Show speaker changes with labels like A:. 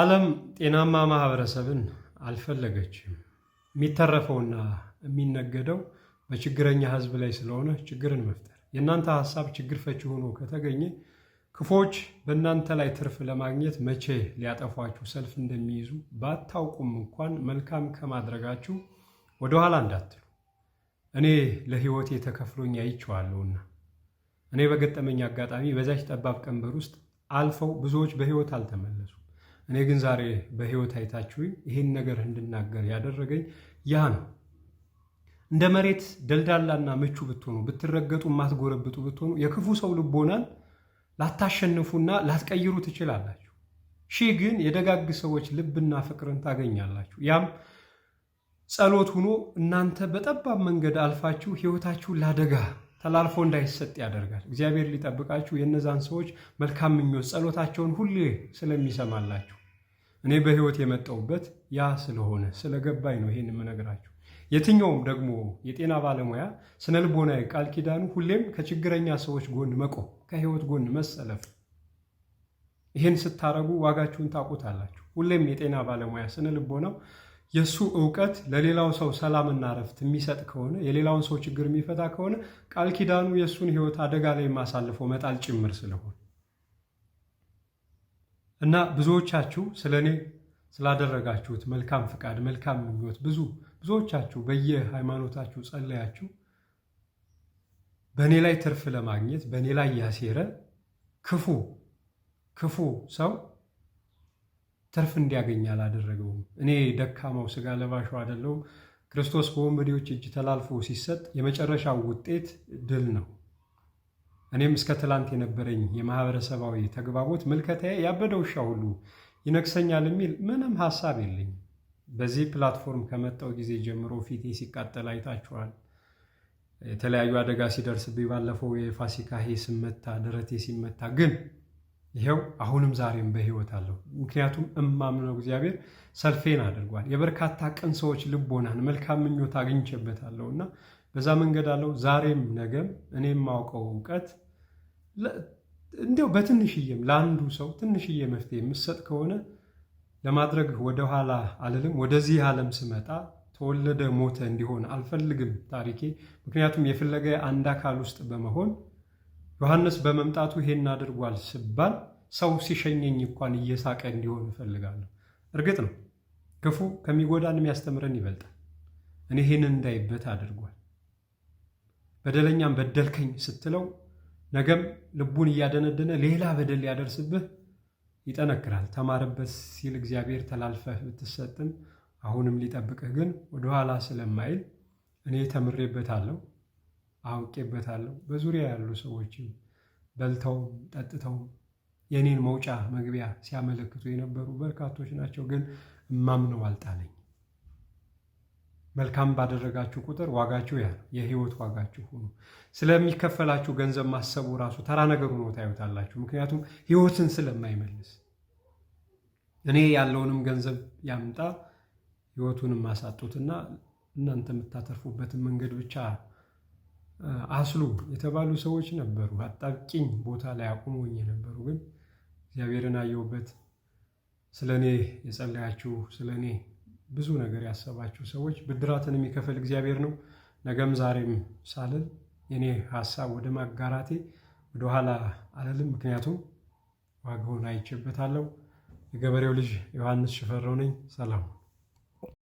A: ዓለም ጤናማ ማህበረሰብን አልፈለገችም። የሚተረፈውና የሚነገደው በችግረኛ ህዝብ ላይ ስለሆነ ችግርን መፍጠር። የእናንተ ሀሳብ ችግር ፈቺ ሆኖ ከተገኘ ክፎች በእናንተ ላይ ትርፍ ለማግኘት መቼ ሊያጠፏችሁ ሰልፍ እንደሚይዙ ባታውቁም እንኳን መልካም ከማድረጋችሁ ወደኋላ እንዳትሉ። እኔ ለህይወቴ ተከፍሎኝ አይቼዋለሁና እኔ በገጠመኝ አጋጣሚ በዛች ጠባብ ቀንበር ውስጥ አልፈው ብዙዎች በህይወት አልተመለሱ እኔ ግን ዛሬ በህይወት አይታችሁ ይህን ነገር እንድናገር ያደረገኝ ያ ነው። እንደ መሬት ደልዳላና ምቹ ብትሆኑ፣ ብትረገጡ፣ የማትጎረብጡ ብትሆኑ የክፉ ሰው ልቦናን ላታሸንፉና ላትቀይሩ ትችላላችሁ። ሺህ ግን የደጋግ ሰዎች ልብና ፍቅርን ታገኛላችሁ። ያም ጸሎት ሁኖ እናንተ በጠባብ መንገድ አልፋችሁ ህይወታችሁ ላደጋ ተላልፎ እንዳይሰጥ ያደርጋል። እግዚአብሔር ሊጠብቃችሁ የእነዛን ሰዎች መልካም ምኞት ጸሎታቸውን ሁሌ ስለሚሰማላችሁ እኔ በህይወት የመጣሁበት ያ ስለሆነ ስለገባኝ ነው ይሄን የምነግራችሁ። የትኛውም ደግሞ የጤና ባለሙያ ስነ ልቦናዊ ቃል ኪዳኑ ሁሌም ከችግረኛ ሰዎች ጎን መቆም፣ ከህይወት ጎን መሰለፍ። ይህን ስታረጉ ዋጋችሁን ታውቁታላችሁ። ሁሌም የጤና ባለሙያ ስነ ልቦናው የእሱ እውቀት ለሌላው ሰው ሰላምና ረፍት የሚሰጥ ከሆነ የሌላውን ሰው ችግር የሚፈታ ከሆነ ቃል ኪዳኑ የእሱን ህይወት አደጋ ላይ የማሳልፈው መጣል ጭምር ስለሆነ እና ብዙዎቻችሁ ስለ እኔ ስላደረጋችሁት መልካም ፍቃድ፣ መልካም ምኞት ብዙ ብዙዎቻችሁ በየሃይማኖታችሁ ጸለያችሁ በእኔ ላይ ትርፍ ለማግኘት በእኔ ላይ ያሴረ ክፉ ክፉ ሰው ትርፍ እንዲያገኝ አላደረገውም። እኔ ደካማው ስጋ ለባሹ አይደለሁም። ክርስቶስ በወንበዴዎች እጅ ተላልፎ ሲሰጥ የመጨረሻው ውጤት ድል ነው። እኔም እስከ ትላንት የነበረኝ የማህበረሰባዊ ተግባቦት ምልከታዬ ያበደ ውሻ ሁሉ ይነክሰኛል የሚል ምንም ሀሳብ የለኝ። በዚህ ፕላትፎርም ከመጣው ጊዜ ጀምሮ ፊቴ ሲቃጠል አይታችኋል። የተለያዩ አደጋ ሲደርስብኝ ባለፈው የፋሲካ ሄ ስመታ ደረቴ ሲመታ ግን ይኸው አሁንም ዛሬም በህይወት አለሁ። ምክንያቱም እማምነው እግዚአብሔር ሰልፌን አድርጓል። የበርካታ ቅን ሰዎች ልቦናን መልካም ምኞት አግኝቼበታለሁ እና በዛ መንገድ አለው። ዛሬም ነገም እኔ የማውቀው እውቀት እንዲያው በትንሽዬም ለአንዱ ሰው ትንሽዬ መፍትሄ የምሰጥ ከሆነ ለማድረግ ወደኋላ አልልም። ወደዚህ ዓለም ስመጣ ተወለደ ሞተ እንዲሆን አልፈልግም ታሪኬ። ምክንያቱም የፍለገ አንድ አካል ውስጥ በመሆን ዮሐንስ በመምጣቱ ይሄን አድርጓል ስባል ሰው ሲሸኘኝ እንኳን እየሳቀ እንዲሆን እፈልጋለሁ። እርግጥ ነው ክፉ ከሚጎዳን የሚያስተምረን ይበልጣል። እኔ ይሄን እንዳይበት አድርጓል። በደለኛም በደልከኝ ስትለው ነገም ልቡን እያደነደነ ሌላ በደል ሊያደርስብህ ይጠነክራል። ተማርበት ሲል እግዚአብሔር ተላልፈህ ብትሰጥም አሁንም ሊጠብቅህ ግን ወደኋላ ስለማይል እኔ ተምሬበታለሁ፣ አውቄበታለሁ። በዙሪያ ያሉ ሰዎችም በልተውም ጠጥተውም የኔን መውጫ መግቢያ ሲያመለክቱ የነበሩ በርካቶች ናቸው። ግን እማምነው አልጣለኝ። መልካም ባደረጋችሁ ቁጥር ዋጋችሁ ያ ነው፣ የህይወት ዋጋችሁ ሆኖ ስለሚከፈላችሁ ገንዘብ ማሰቡ ራሱ ተራ ነገር ሆኖ ታዩታላችሁ። ምክንያቱም ህይወትን ስለማይመልስ እኔ ያለውንም ገንዘብ ያምጣ ህይወቱንም ማሳጡትና እናንተ የምታተርፉበትን መንገድ ብቻ አስሉ የተባሉ ሰዎች ነበሩ። አጣብቂኝ ቦታ ላይ አቁሞኝ የነበሩ ግን እግዚአብሔርን አየሁበት። ስለ እኔ የጸለያችሁ ስለ እኔ ብዙ ነገር ያሰባችሁ ሰዎች ብድራትን የሚከፍል እግዚአብሔር ነው። ነገም ዛሬም ሳልል የኔ ሀሳብ ወደ ማጋራቴ ወደኋላ አልልም፣ ምክንያቱም ዋጋውን አይቼበታለሁ። የገበሬው ልጅ ዮሐንስ ሽፈረው ነኝ። ሰላም